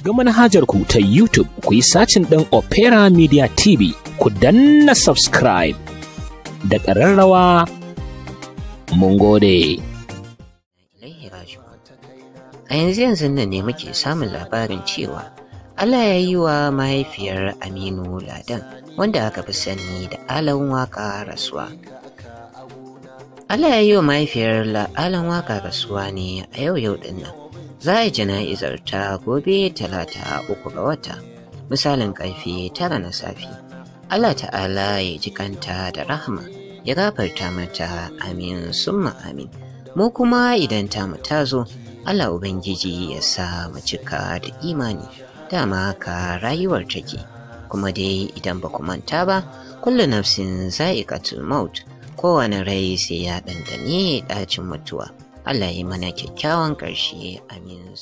shiga manhajar ku ta YouTube ku yi sacin ɗin Opera Media TV ku danna subscribe da ƙararrawa mun gode. A yanzu yanzu nan ne muke samun labarin cewa Allah ya yi wa mahaifiyar Aminu Ladan wanda aka fi sani da Alan Waka rasuwa. Allah ya yi wa mahaifiyar Alan Waka rasuwa ne a yau yau dinnan. za a yi jana'izar ta gobe talata uku ga wata misalin ƙarfe tara na safi. Allah ta'ala ya ji kanta da rahama ya gafarta mata amin summa amin mu kuma idan ta mu ta zo Allah Ubangiji ya sa mu cika da imani dama ka rayuwar take kuma dai idan ba ku manta ba kullu nafsin za'iqatul maut kowane rai sai ya dandane ɗacin mutuwa Allah ya yi mana kyakkyawan ƙarshe amin